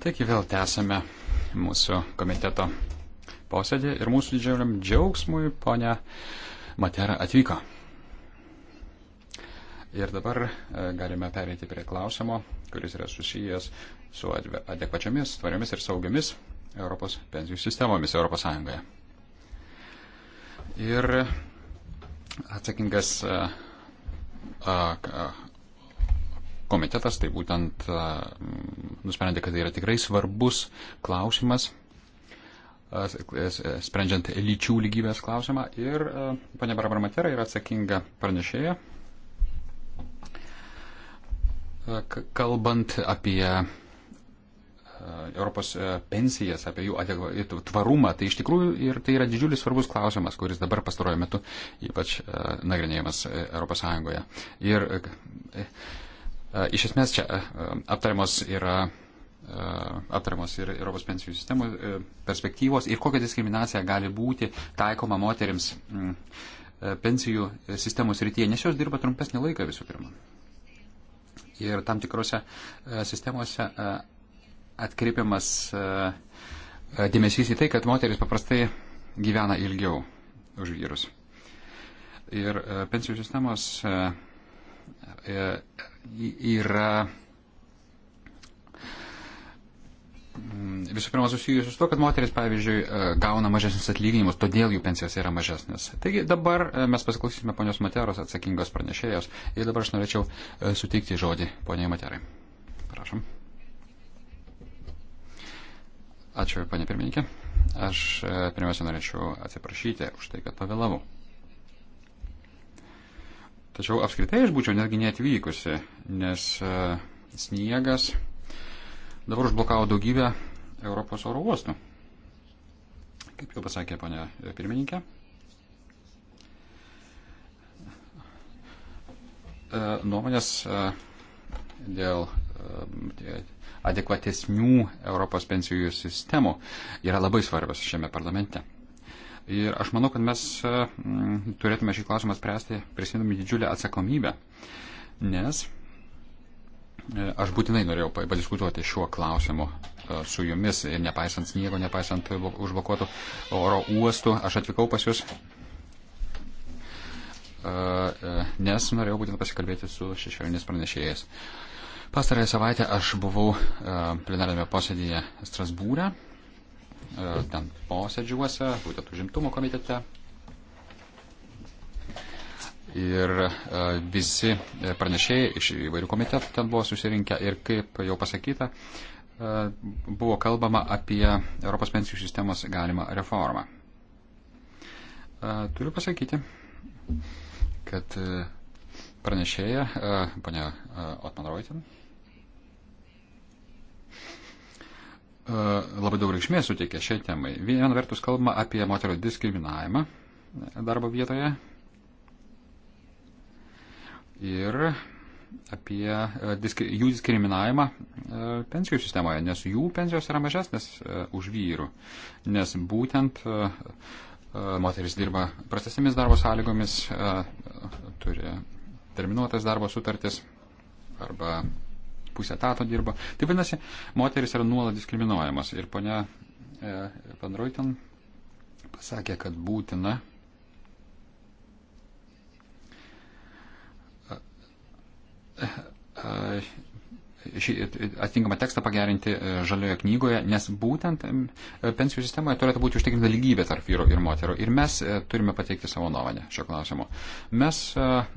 Taigi vėl tęsame mūsų komiteto posėdį ir mūsų didžiuliam džiaugsmui ponia Matera atvyko. Ir dabar e, galime perėti prie klausimo, kuris yra susijęs su adekvačiamis, tvariomis ir saugiamis Europos pensijų sistemomis Europos Sąjungoje. Ir atsakingas e, komitetas tai būtent nusprendė, kad tai yra tikrai svarbus klausimas, sprendžiant lyčių lygybės klausimą. Ir ponia Barbara Matera yra atsakinga pranešėja, kalbant apie Europos pensijas, apie jų tvarumą, tai iš tikrųjų ir tai yra didžiulis svarbus klausimas, kuris dabar pastarojame metu ypač nagrinėjamas Europos Sąjungoje. Ir E, iš esmės čia e, aptariamos yra e, aptariamos ir Europos pensijų sistemos perspektyvos ir kokia diskriminacija gali būti taikoma moteriams mm, pensijų sistemos rytyje, nes jos dirba trumpesnį laiką visų pirma. Ir tam tikrose sistemose atkreipiamas dėmesys į tai, kad moteris paprastai gyvena ilgiau už vyrus. Ir pensijų sistemos E, yra mm, visų pirma susijusi su to, kad moteris, pavyzdžiui, e, gauna mažesnius atlyginimus, todėl jų pensijos yra mažesnės. Taigi dabar e, mes pasiklausysime ponios Materos atsakingos pranešėjos ir dabar aš norėčiau suteikti žodį poniai Materai. Prašom. Ačiū, ponė pirmininkė. Aš pirmiausia norėčiau atsiprašyti už tai, kad pavėlavau. Tačiau apskritai aš būčiau netgi neatvykusi, nes e, sniegas dabar užblokavo daugybę Europos oro uostų. Kaip jau pasakė ponia pirmininkė, e, nuomonės e, dėl adekvatesnių Europos pensijų sistemų yra labai svarbios šiame parlamente. Ir aš manau, kad mes mm, turėtume šį klausimą spręsti prisimdami didžiulę atsakomybę, nes e, aš būtinai norėjau padiskutuoti šiuo klausimu e, su jumis ir nepaisant sniego, nepaisant užblokuotų oro uostų, aš atvykau pas jūs, e, nes norėjau būtent pasikalbėti su šešėlinis pranešėjais. Pastarąją savaitę aš buvau plenarėme posėdėje Strasbūrė. E E, ten posėdžiuose, būtent užimtumo komitete. Ir e, visi pranešėjai iš įvairių komitetų ten buvo susirinkę ir kaip jau pasakyta, e, buvo kalbama apie Europos pensijų sistemos galimą reformą. Turiu pasakyti, kad pranešėja, ponia Otman Reutin, E, labai daug reikšmės suteikia šiai temai. Viena vertus kalbama apie moterio diskriminavimą darbo vietoje ir apie e, diskri jų diskriminavimą e, pensijų sistemoje, nes jų pensijos yra mažesnės už vyrų, nes būtent moteris dirba prastesnėmis darbo sąlygomis, turi terminuotas darbo sutartis arba pusę tato dirba. Tai vadinasi, moteris yra nuolat diskriminuojamas. Ir ponia e, Van Ruyten pasakė, kad būtina atitinkamą tekstą pagerinti e, žalioje knygoje, nes būtent e, pensijų sistemoje turėtų būti užtikrinta lygybė tarp vyrų ir moterų. Ir mes e, turime pateikti savo nuomonę šio klausimu. Mes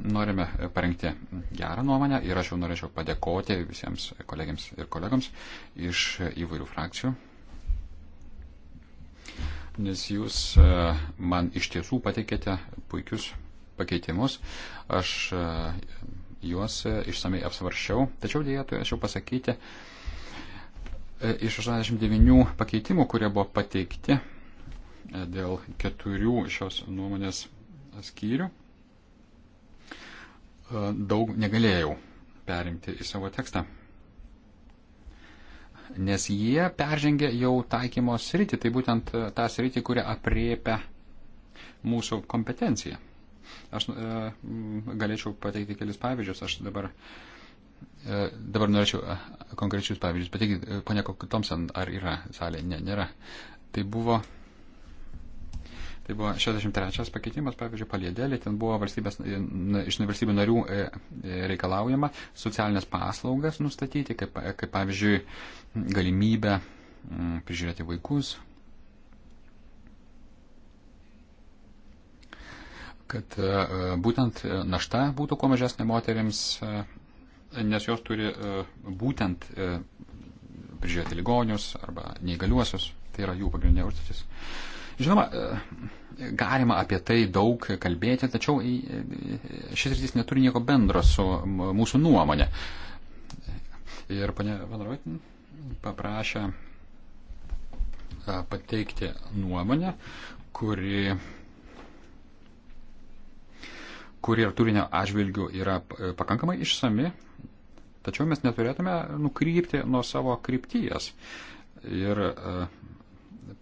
norime parengti gerą nuomonę ir aš jau norėčiau padėkoti visiems kolegiams ir kolegams iš įvairių frakcijų nes jūs man iš tiesų pateikėte puikius pakeitimus. Aš juos išsamei apsvaršiau, tačiau dėja turėčiau pasakyti, e, iš 89 pakeitimų, kurie buvo pateikti e, dėl keturių šios nuomonės skyrių, e, daug negalėjau perimti į savo tekstą. Nes jie peržengė jau taikymo sritį, tai būtent tą sritį, kurią apriepia mūsų kompetencija. Aš e, galėčiau pateikti kelis pavyzdžius. Aš dabar, e, dabar norėčiau e, konkrečius pavyzdžius. Pateikti, ponia Thompson, ar yra salė? Ne, nėra. Tai buvo Tai buvo 63 pakeitimas, pavyzdžiui, palėdėlė, ten buvo valstybės, iš valstybių narių reikalaujama socialinės paslaugas nustatyti, kaip, kaip pavyzdžiui, galimybę prižiūrėti vaikus, kad e, būtent e, našta būtų kuo mažesnė moteriams, e, nes jos turi būtent prižiūrėti ligonius arba neįgaliuosius, tai yra jų pagrindinė užduotis. Žinoma, galima apie tai daug kalbėti, tačiau šis rytis neturi nieko bendro su mūsų nuomonė. Ir ponė Vanroitin paprašė pateikti nuomonę, kuri kuri ir turinio atžvilgių yra e, pakankamai išsami, tačiau mes neturėtume nukrypti nuo savo krypties ir e,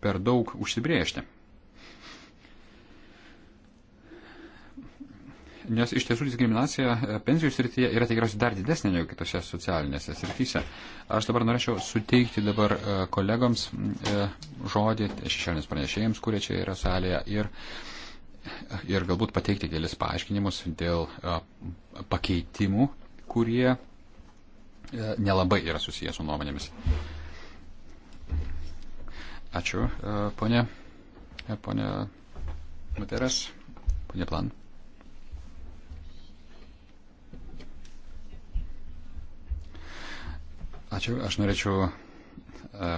per daug užsibriežti. Nes iš tiesų diskriminacija e, pensijų srityje yra tikriausiai dar didesnė negu kitose socialinėse srityse. Aš dabar norėčiau suteikti dabar kolegoms žodį, šešėlinės pranešėjams, kurie čia yra salėje, ir uh, ir galbūt pateikti kelis paaiškinimus dėl pakeitimų, kurie e, nelabai yra susijęs su nuomonėmis. Ačiū, e, ponė, e, ponė Materas, ponė Plan. Ačiū, aš norėčiau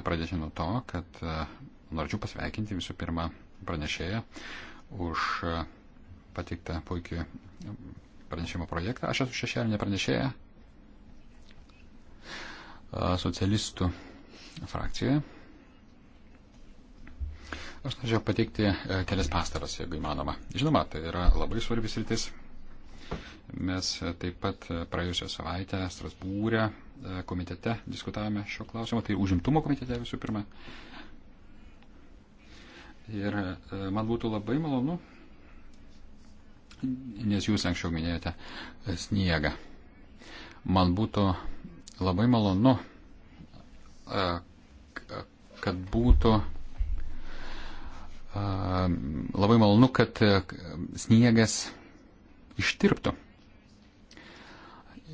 pradėti nuo to, kad norėčiau pasveikinti visų pirma pranešėją už e, pateiktą puikį pranešimo projektą. Aš esu šešėlinė pranešėja e, socialistų frakcijoje. Aš norėčiau pateikti e, kelias pastaras, jeigu įmanoma. Žinoma, tai yra labai svarbis rytis. Mes taip pat praėjusią savaitę Strasbūrę komitete diskutavome šio klausimo, tai užimtumo komitete visų pirma. Uh, Ir e, man būtų labai malonu, nes jūs anksčiau minėjote e, sniegą. Man būtų labai malonu, e, kad būtų labai malonu, kad sniegas ištirptų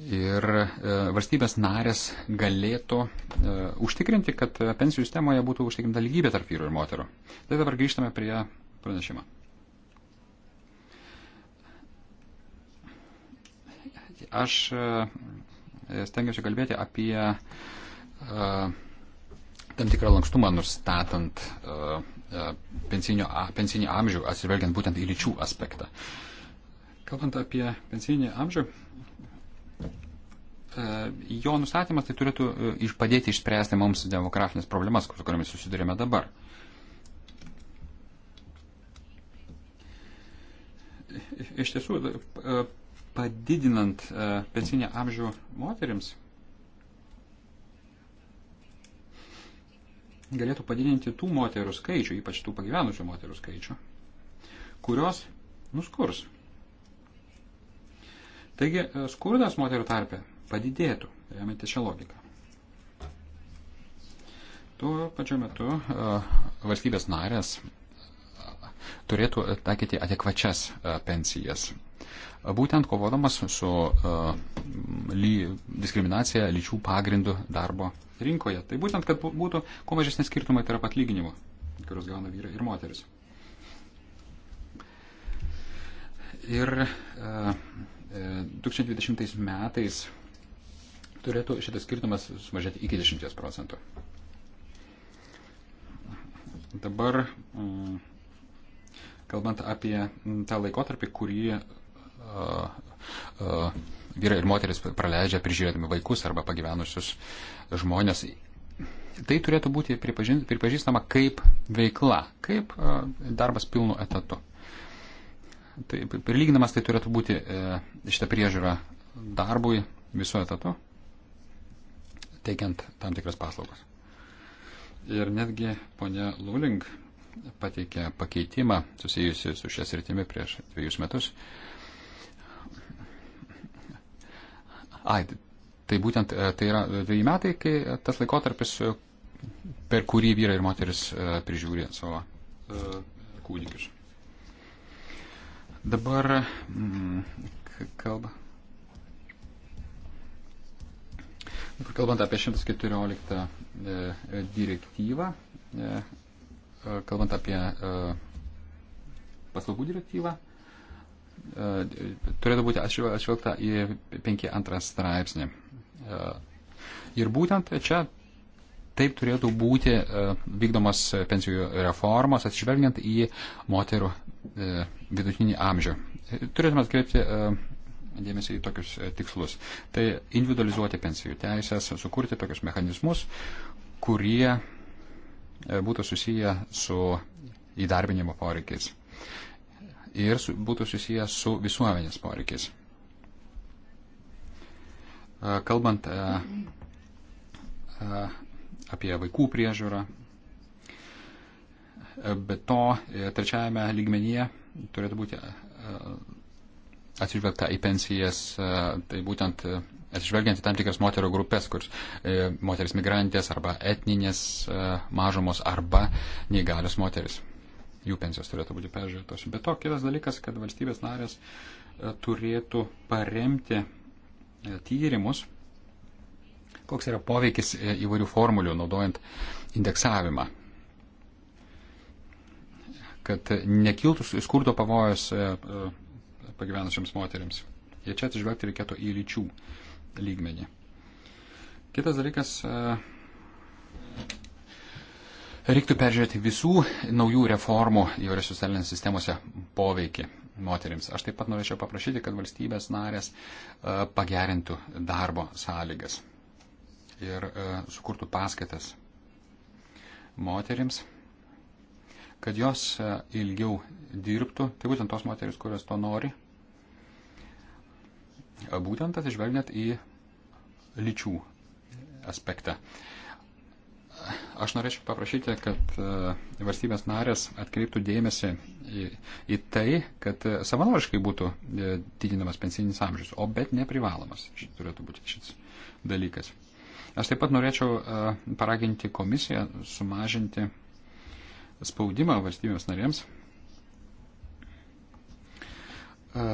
ir e, valstybės narės galėtų e, užtikrinti, kad e, pensijų sistemoje būtų užtikrinta lygybė tarp vyrų ir moterų. Tai dabar grįžtame prie pranešimą. Aš stengiuosi kalbėti apie tam tikrą lankstumą nustatant pensinio, pensinį amžių, atsižvelgiant būtent į lyčių aspektą. Kalbant apie pensinį amžių, E, jo nustatymas tai turėtų e, padėti išspręsti mums demografinės problemas, su kuriamis susidurėme dabar. Iš tiesų, e, padidinant pensinę amžių moteriams, galėtų padidinti tų moterų skaičių, ypač tų pagyvenusių moterų skaičių, kurios nuskurs Taigi e, skurdas moterų tarpe padidėtų, remiantis šią logiką. Tuo pačiu metu e, valstybės narės e, turėtų taikyti adekvačias pensijas. Būtent kovodamas su diskriminacija lyčių pagrindų darbo rinkoje. Tai būtent, kad būtų kuo mažesnė skirtumai tarp atlyginimų, kuriuos gauna vyrai ir moteris. Ir uh, 2020 e, metais turėtų šitas skirtumas sumažėti iki 10 procentų. Dabar, mm, kalbant apie tą laikotarpį, kurį e, e, vyrai ir moteris praleidžia prižiūrėdami vaikus arba pagyvenusius žmonės, tai turėtų būti pripažįstama kaip veikla, kaip darbas pilnu etatu tai prilyginamas tai turėtų būti e, šitą priežiūrą darbui viso etatu, teikiant tam tikras paslaugas. Ir netgi ponia Luling pateikė pakeitimą susijusi su šias rytimi prieš dviejus metus. Ai, tai būtent e, tai yra dviejai metai, kai tas laikotarpis, e, per kurį vyrai ir moteris e, prižiūrė savo kūdikius. Dabar mm, kalba. Dabar kalbant apie 114 e, direktyvą, e, e, kalbant apie paslaugų direktyvą, turėtų būti atšvelgta į 5.2 straipsnį. Ir būtent čia taip turėtų būti e, vykdomas e, pensijų reformas, atsižvelgiant į moterų e, vidutinį amžių. Turėtume atkreipti dėmesį į tokius tikslus. Tai individualizuoti pensijų teisės, sukurti tokius mechanizmus, kurie būtų susiję su įdarbinimo poreikiais ir būtų susiję su visuomenės poreikiais. Kalbant apie vaikų priežiūrą. Be to, trečiajame lygmenyje turėtų būti e, atsižvelgta į pensijas, e, tai būtent e, atsižvelgiant į tam tikras moterų grupės, kur e, moteris migrantės arba etninės e, mažumos arba neįgalios moteris. Jų pensijos turėtų būti peržiūrėtos. Bet to kitas dalykas, kad valstybės narės e, turėtų paremti e, tyrimus, koks yra poveikis e, įvairių formulių naudojant indeksavimą. Kad nekiltų skurdo pavojus e, e, pagyvenusiams moteriams. Ir čia atsižvelgti reikėtų į lyčių lygmenį. Kitas dalykas, reiktų peržiūrėti visų naujų reformų įvairiose socialinėse sistemose poveikį moteriams. Aš taip pat norėčiau paprašyti, kad valstybės narės pagerintų darbo sąlygas ir e, sukurtų paskatas moterims, kad jos e, ilgiau dirbtų, tai būtent tos moteris, kurios to nori, e, būtent atsižvelgiant į lyčių aspektą. Aš norėčiau paprašyti, kad valstybės narės atkreiptų dėmesį į, į tai, kad savanoriškai būtų didinamas pensinis amžius, o bet neprivalomas. Šit turėtų būti šis dalykas. Aš taip pat norėčiau e, paraginti komisiją sumažinti spaudimą valstybėms narėms, e,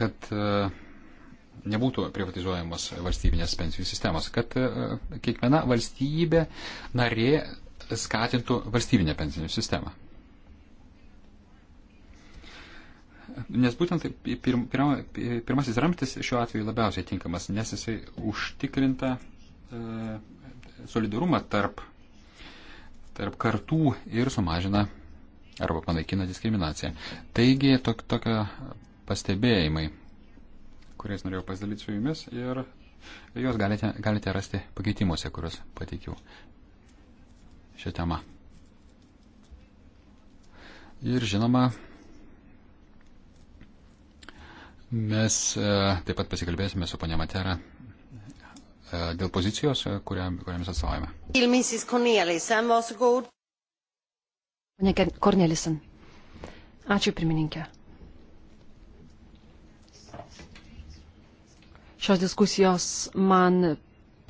kad e, nebūtų privatizuojamos valstybinės pensijų sistemos, kad kiekviena valstybė narė skatintų valstybinę pensijų sistemą. Nes būtent pirma, pirmasis ramtis šiuo atveju labiausiai tinkamas, nes jisai užtikrinta uh, E, solidarumą tarp, tarp kartų ir sumažina arba panaikina diskriminaciją. Taigi, tok, tokie pastebėjimai, kuriais norėjau pasidalyti su jumis ir juos galite, galite rasti pakeitimuose, kuriuos pateikiau šią temą. Ir žinoma, mes e, taip pat pasikalbėsime su ponia Matera E, dėl pozicijos, kurią, kurią mes atstovavome. Pane Kornelisen, ačiū pirmininkė. Šios diskusijos man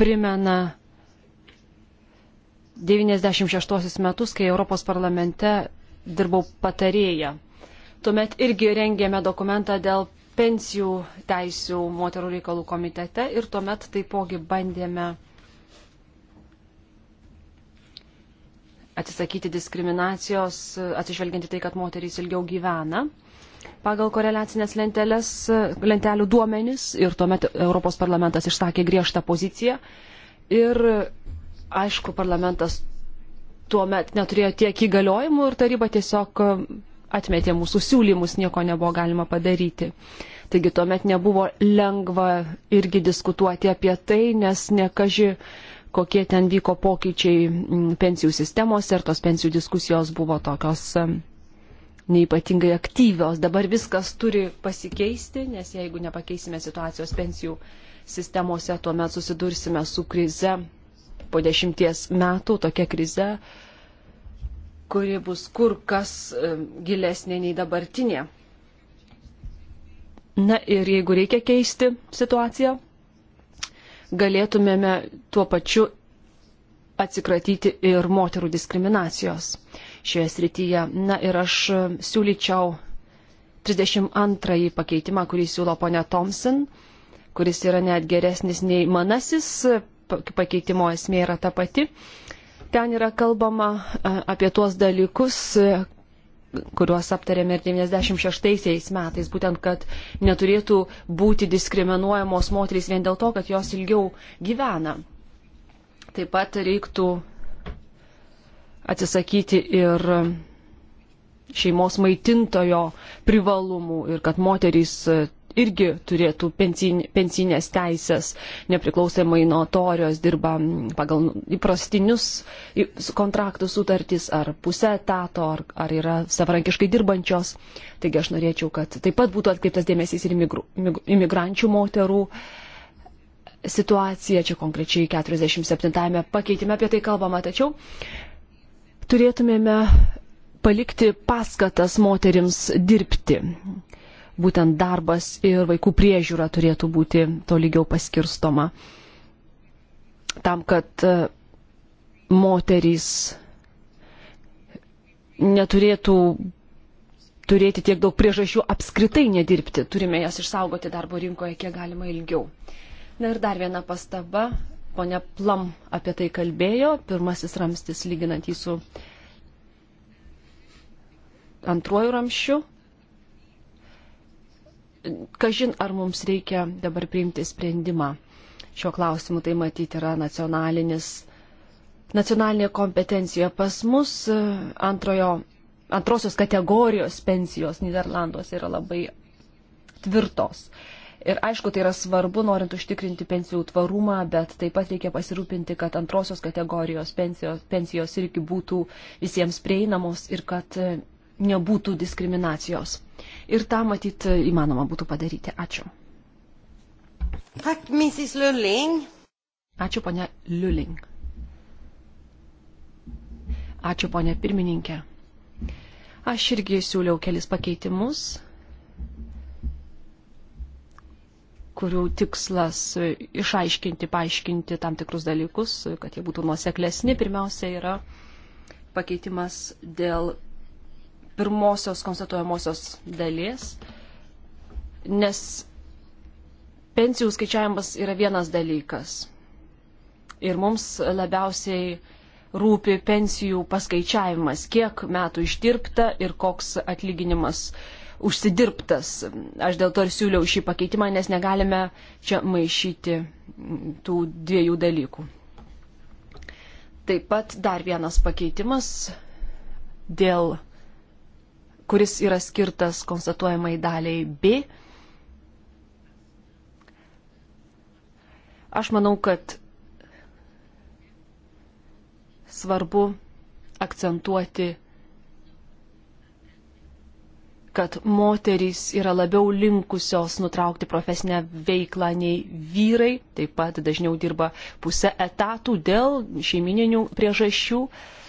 primena 96 metus, kai Europos parlamente dirbau patarėję. Tuomet irgi rengėme dokumentą dėl pensijų teisių moterų reikalų komitete ir tuomet taipogi bandėme atsisakyti diskriminacijos, atsižvelgianti tai, kad moterys ilgiau gyvena pagal koreliacinės lentelės, lentelių duomenis ir tuomet Europos parlamentas išsakė griežtą poziciją ir aišku, parlamentas tuomet neturėjo tiek įgaliojimų ir taryba tiesiog atmetė mūsų siūlymus, nieko nebuvo galima padaryti. Taigi tuomet nebuvo lengva irgi diskutuoti apie tai, nes nekaži kokie ten vyko pokyčiai mm, pensijų sistemos ir tos pensijų diskusijos buvo tokios mm, neipatingai aktyvios. Dabar viskas turi pasikeisti, nes jeigu nepakeisime situacijos pensijų sistemose, tuomet susidursime su krize po dešimties metų, tokia krize, kuri bus kur kas gilesnė nei dabartinė. Na ir jeigu reikia keisti situaciją, galėtumėme tuo pačiu atsikratyti ir moterų diskriminacijos šioje srityje. Na ir aš siūlyčiau 32 pakeitimą, kurį siūlo ponia Thompson, kuris yra net geresnis nei manasis, pakeitimo esmė yra ta pati. Ten yra kalbama e, apie tuos dalykus, e, kuriuos aptarėme ir 96 metais, būtent, kad neturėtų būti diskriminuojamos moterys vien dėl to, kad jos ilgiau gyvena. Taip pat reiktų atsisakyti ir šeimos maitintojo privalumų ir kad moterys irgi turėtų pensinės teisės, nepriklausomai nuo to, ar jos dirba pagal įprastinius kontraktų sutartys, ar pusę etato, ar, ar yra savarankiškai dirbančios. Taigi aš norėčiau, kad taip pat būtų atkreiptas dėmesys ir imigru, imigrančių moterų situacija, čia konkrečiai 47-ame pakeitime apie tai kalbama, tačiau turėtumėme palikti paskatas moterims dirbti būtent darbas ir vaikų priežiūra turėtų būti tolygiau paskirstoma. Tam, kad e, moterys neturėtų turėti tiek daug priežasčių apskritai nedirbti, turime jas išsaugoti darbo rinkoje kiek galima ilgiau. Na ir dar viena pastaba, ponia Plam apie tai kalbėjo, pirmasis ramstis lyginant jį su antruoju ramščiu kažin ar mums reikia dabar priimti sprendimą. Šiuo klausimu tai matyti yra nacionalinis, nacionalinė kompetencija. Pas mus antrojo, antrosios kategorijos pensijos Niderlanduose yra labai tvirtos. Ir aišku, tai yra svarbu, norint užtikrinti pensijų tvarumą, bet taip pat reikia pasirūpinti, kad antrosios kategorijos pensijos, pensijos irgi būtų visiems prieinamos ir kad nebūtų diskriminacijos ir tą matyt įmanoma būtų padaryti. Ačiū. Tak, Mrs. Lulling. Ačiū, ponia Liuling. Ačiū, ponia pirmininkė. Aš irgi siūliau kelis pakeitimus, kurių tikslas išaiškinti, paaiškinti tam tikrus dalykus, kad jie būtų nuoseklesni. Pirmiausia yra pakeitimas dėl pirmosios konstatuojamosios dalies, nes pensijų skaičiavimas yra vienas dalykas. Ir mums labiausiai rūpi pensijų paskaičiavimas, kiek metų išdirbta ir koks atlyginimas užsidirbtas. Aš dėl to ir siūliau šį pakeitimą, nes negalime čia maišyti tų dviejų dalykų. Taip pat dar vienas pakeitimas dėl kuris yra skirtas konstatuojamai daliai B. Aš manau, kad svarbu akcentuoti, kad moterys yra labiau linkusios nutraukti profesinę veiklą nei vyrai, taip pat dažniau dirba pusę etatų dėl šeimininių priežasčių. Uh,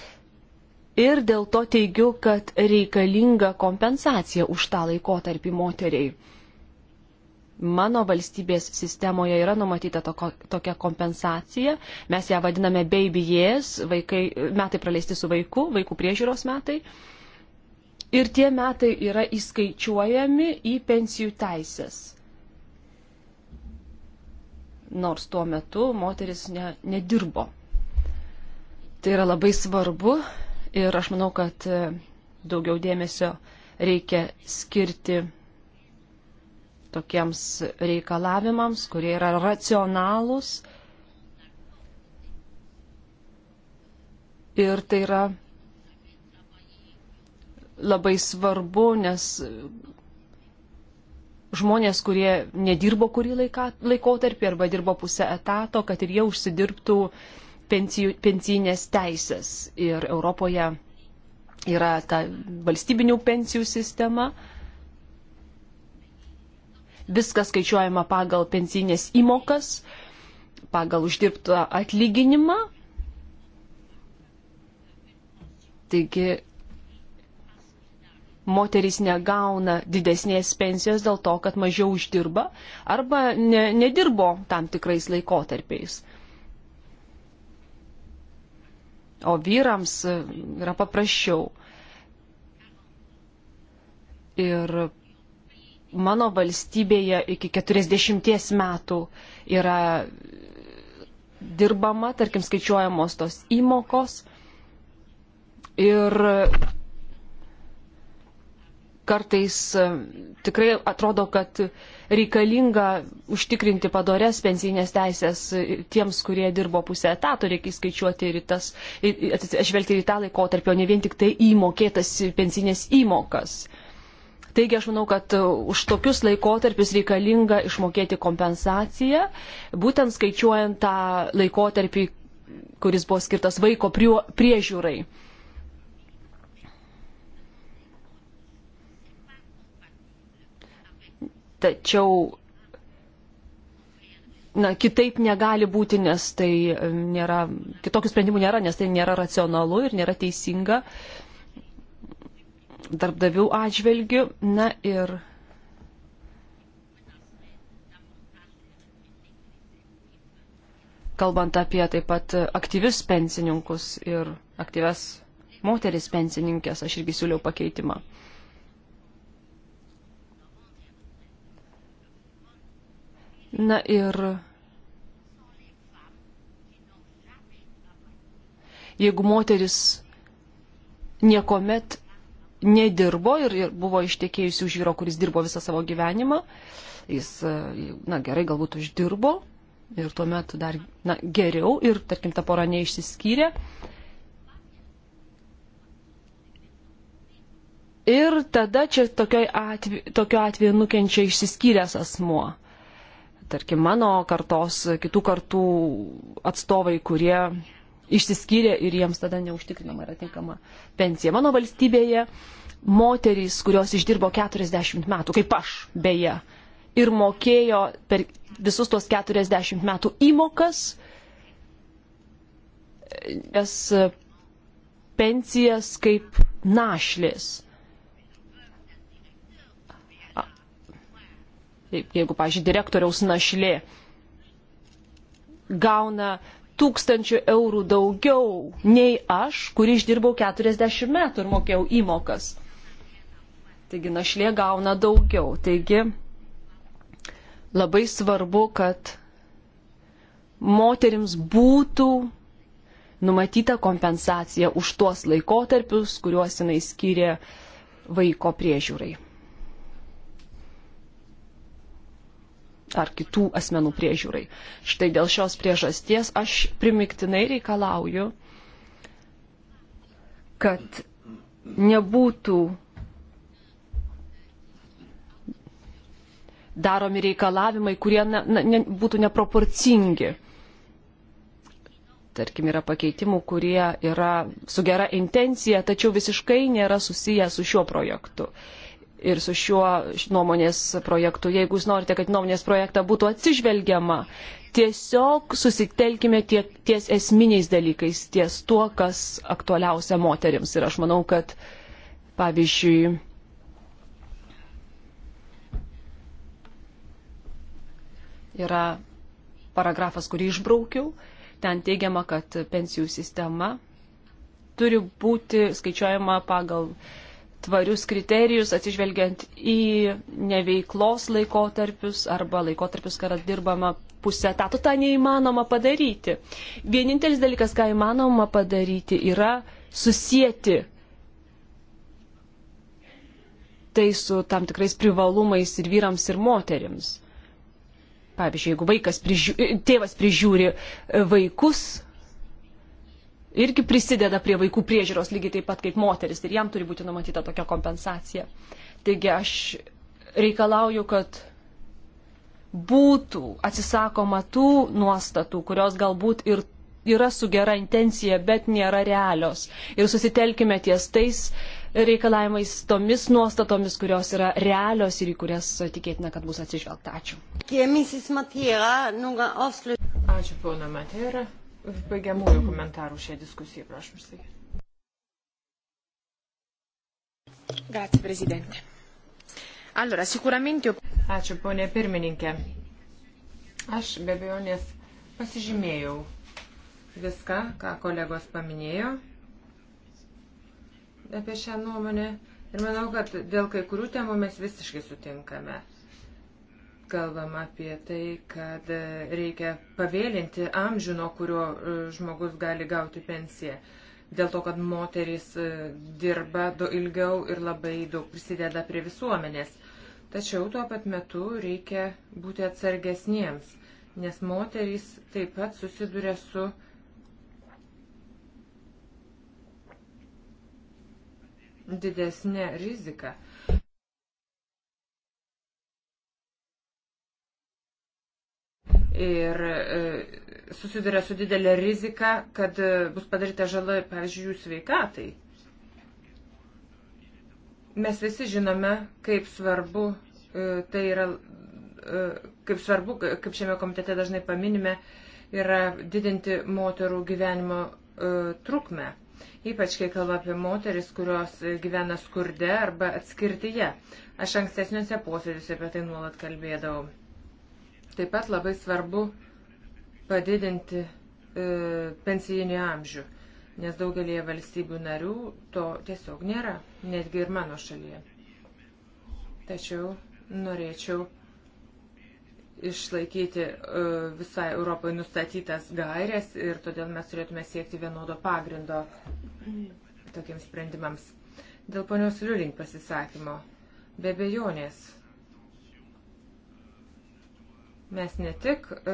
ir dėl to teigiu, kad reikalinga kompensacija už tą laikotarpį moteriai. Mano valstybės sistemoje yra numatyta toko, tokia kompensacija. Mes ją vadiname baby years, vaikai, metai praleisti su vaiku, vaikų priežiūros metai. Ir tie metai yra įskaičiuojami į pensijų teisės. Nors tuo metu moteris ne, nedirbo. Tai yra labai svarbu, Ir aš manau, kad e, daugiau dėmesio reikia skirti tokiems reikalavimams, kurie yra racionalūs. Ir tai yra labai svarbu, nes žmonės, kurie nedirbo kurį laiką, laikotarpį arba dirbo pusę etato, kad ir jie užsidirbtų uh, pensijų, pensijinės teisės. Ir Europoje yra ta valstybinių pensijų sistema. Viskas skaičiuojama pagal pensijinės įmokas, pagal uždirbtą atlyginimą. Taigi moterys negauna didesnės pensijos dėl to, kad mažiau uždirba arba ne, nedirbo tam tikrais laikotarpiais o vyrams e, yra paprasčiau. Ir mano valstybėje iki 40 metų yra dirbama, tarkim, skaičiuojamos tos įmokos. Ir kartais e, tikrai atrodo, kad reikalinga užtikrinti padorės pensinės teisės e, tiems, kurie dirbo pusę etato, reikia skaičiuoti ir tas, atsižvelgti ir į tą laikotarpį, o ne vien tik tai įmokėtas pensinės įmokas. Taigi aš manau, kad e, už tokius laikotarpius reikalinga išmokėti kompensaciją, būtent skaičiuojant tą laikotarpį, kuris buvo skirtas vaiko priežiūrai. Prie tačiau na, kitaip negali būti, nes tai e, nėra, kitokių sprendimų nėra, nes tai nėra racionalu ir nėra teisinga darbdavių atžvelgių. Na ir kalbant apie taip pat aktyvius pensininkus ir aktyves moteris pensininkės, aš irgi siūliau pakeitimą. Na ir jeigu moteris niekuomet nedirbo ir, ir buvo ištekėjusi už vyro, kuris dirbo visą savo gyvenimą, jis, na gerai, galbūt uždirbo ir tuomet dar, na geriau ir, tarkim, ta pora neišsiskyrė. Ir tada čia tokiu atveju, atveju nukenčia išsiskyręs asmuo tarkim, mano kartos, kitų kartų atstovai, kurie išsiskyrė ir jiems tada neužtikrinama yra tinkama pensija. Mano valstybėje moterys, kurios išdirbo 40 metų, kaip aš beje, ir mokėjo per visus tuos 40 metų įmokas, jas pensijas kaip našlės. jeigu, pažiūrėjau, direktoriaus našlė gauna tūkstančių eurų daugiau nei aš, kuri išdirbau 40 metų ir mokėjau įmokas. Taigi našlė gauna daugiau. Taigi labai svarbu, kad moterims būtų numatyta kompensacija už tuos laikotarpius, kuriuos jinai skyrė vaiko priežiūrai. ar kitų asmenų priežiūrai. Štai dėl šios priežasties aš primiktinai reikalauju, kad nebūtų daromi reikalavimai, kurie na, na, ne, būtų neproporcingi. Tarkim, yra pakeitimų, kurie yra su gera intencija, tačiau visiškai nėra susiję su šiuo projektu. Uh, ir su šiuo nuomonės projektu, jeigu jūs norite, kad nuomonės projektą būtų atsižvelgiama, tiesiog susitelkime tiek, ties esminiais dalykais, ties tuo, kas aktualiausia moteriams. Ir aš manau, kad pavyzdžiui, yra paragrafas, kurį išbraukiau, ten teigiama, kad pensijų sistema turi būti skaičiuojama pagal uh, tvarius kriterijus, atsižvelgiant į neveiklos laikotarpius arba laikotarpius, kada dirbama pusę etato, tą neįmanoma padaryti. Vienintelis dalykas, ką įmanoma padaryti, yra susijęti tai su tam tikrais privalumais ir vyrams, ir moterims. Pavyzdžiui, jeigu prižiū... tėvas prižiūri vaikus, irgi prisideda prie vaikų priežiūros lygiai taip pat kaip moteris ir jam turi būti numatyta tokia kompensacija. Taigi aš reikalauju, kad būtų atsisakoma tų nuostatų, kurios galbūt ir yra su gera intencija, bet nėra realios. Ir susitelkime ties tais reikalavimais, tomis nuostatomis, kurios yra realios ir į kurias tikėtina, kad bus atsižvelgta. Ačiū. Ačiū, pona Matėra baigiamųjų komentarų šią diskusiją, prašom išsakyti. Grazie Presidente. Allora, sicuramente... Ačiū, ponė pirmininkė. Aš be abejonės pasižymėjau viską, ką kolegos paminėjo apie šią nuomonę ir manau, kad dėl kai kurių temų mes visiškai sutinkame kalbam apie tai, kad reikia pavėlinti amžių, nuo kurio e, žmogus gali gauti pensiją. Dėl to, kad moterys e, dirba ilgiau ir labai daug prisideda prie visuomenės. Tačiau tuo pat metu reikia būti atsargesniems, nes moterys taip pat susiduria su didesnė rizika. ir e, susiduria su didelė rizika, kad e, bus padaryta žala, pavyzdžiui, jų sveikatai. Mes visi žinome, kaip svarbu e, tai yra, kaip svarbu, kaip šiame komitete dažnai paminime, yra didinti moterų gyvenimo trukmę. Ypač, kai kalba apie moteris, kurios gyvena skurde arba atskirtyje. Aš ankstesniuose posėdžiuose apie tai nuolat kalbėdavau. Taip pat labai svarbu padidinti e, pensijinį amžių, nes daugelie valstybių narių to tiesiog nėra, netgi ir mano šalyje. Tačiau norėčiau išlaikyti e, visai Europai nustatytas gairias ir todėl mes turėtume siekti vienodo pagrindo tokiems sprendimams. Dėl ponios Liulink pasisakymo, be bejonės, Mes ne tik e,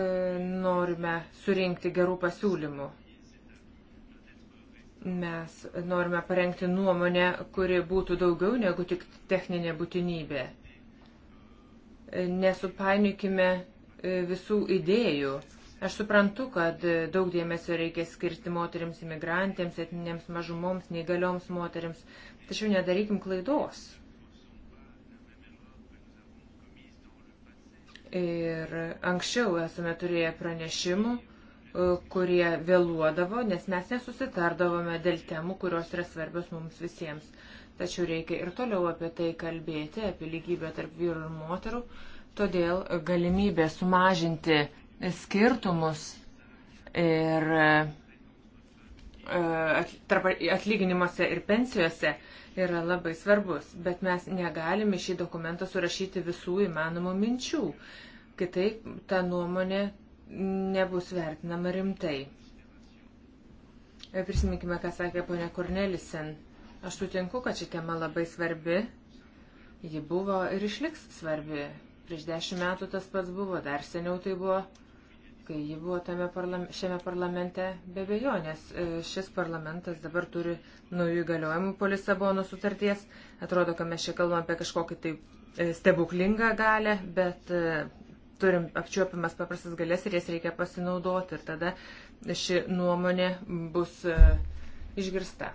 norime surinkti gerų pasiūlymų, mes norime parengti nuomonę, kuri būtų daugiau negu tik techninė būtinybė. E, nesupainiokime e, visų idėjų. Aš suprantu, kad e, daug dėmesio reikia skirti moteriams imigrantėms, etninėms mažumoms, neįgalioms moteriams, tačiau nedarykim klaidos. Ir anksčiau esame turėję pranešimų, e, kurie vėluodavo, nes mes nesusitardavome dėl temų, kurios yra svarbios mums visiems. Tačiau reikia ir toliau apie tai kalbėti, apie lygybę tarp vyrų ir moterų. Todėl galimybė sumažinti skirtumus ir E, atlyginimuose ir pensijose yra labai svarbus, bet mes negalime šį dokumentą surašyti visų įmanomų minčių. Kitaip ta nuomonė nebus vertinama rimtai. E, prisiminkime, ką sakė ponia Kornelisen. Aš sutinku, kad ši tema labai svarbi. Ji buvo ir išliks svarbi. Prieš dešimt metų tas pats buvo, dar seniau tai buvo kai ji buvo tame parlam, šiame parlamente, be bejonės. E, šis parlamentas dabar turi naujų įgaliojimų po Lisabono sutarties. Atrodo, kad mes čia kalbam apie kažkokį taip e, stebuklingą galę, bet e, turim apčiuopiamas paprastas galės ir jas reikia pasinaudoti ir tada ši nuomonė bus išgirsta.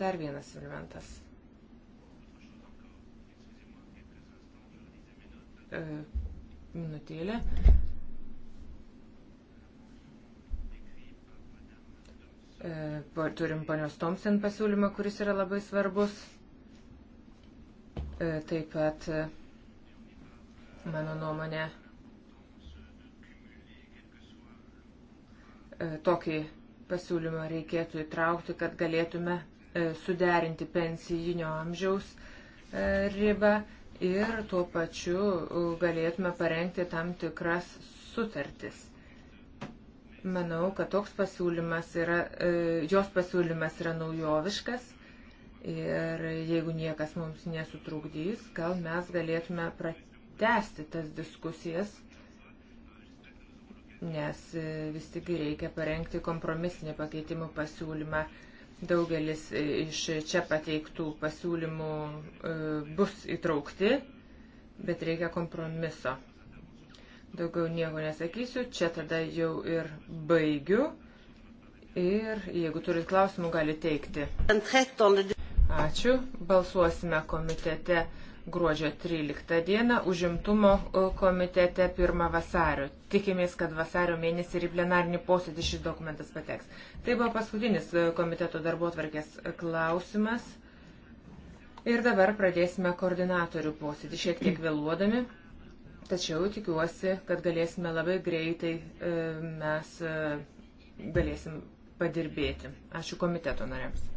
Dar vienas elementas minutėlę. E, turim panios Tomsen pasiūlymą, kuris yra labai svarbus. E, taip pat, e, mano nuomonė, tokį pasiūlymą reikėtų įtraukti, kad galėtume suderinti pensijinio amžiaus ribą ir tuo pačiu galėtume parengti tam tikras sutartis. Manau, kad toks pasiūlymas yra, e, jos pasiūlymas yra naujoviškas ir jeigu niekas mums nesutrukdys, gal mes galėtume pratesti tas diskusijas, nes e, vis tik reikia parengti kompromisinį pakeitimų pasiūlymą Daugelis e, iš čia pateiktų pasiūlymų e, bus įtraukti, bet reikia kompromiso. Daugiau nieko nesakysiu, čia tada jau ir baigiu. Ir jeigu turit klausimų, gali teikti. Ačiū. Balsuosime komitete gruodžio 13 dieną, užimtumo e, komitete 1 vasario. Tikimės, kad vasario mėnesį ir į plenarinį posėdį šis dokumentas pateks. Tai buvo paskutinis e, komiteto darbo tvarkės e, klausimas. Ir dabar pradėsime koordinatorių posėdį, šiek tiek vėluodami. Tačiau tikiuosi, kad galėsime labai greitai mes galėsim padirbėti. Ačiū komiteto nariams.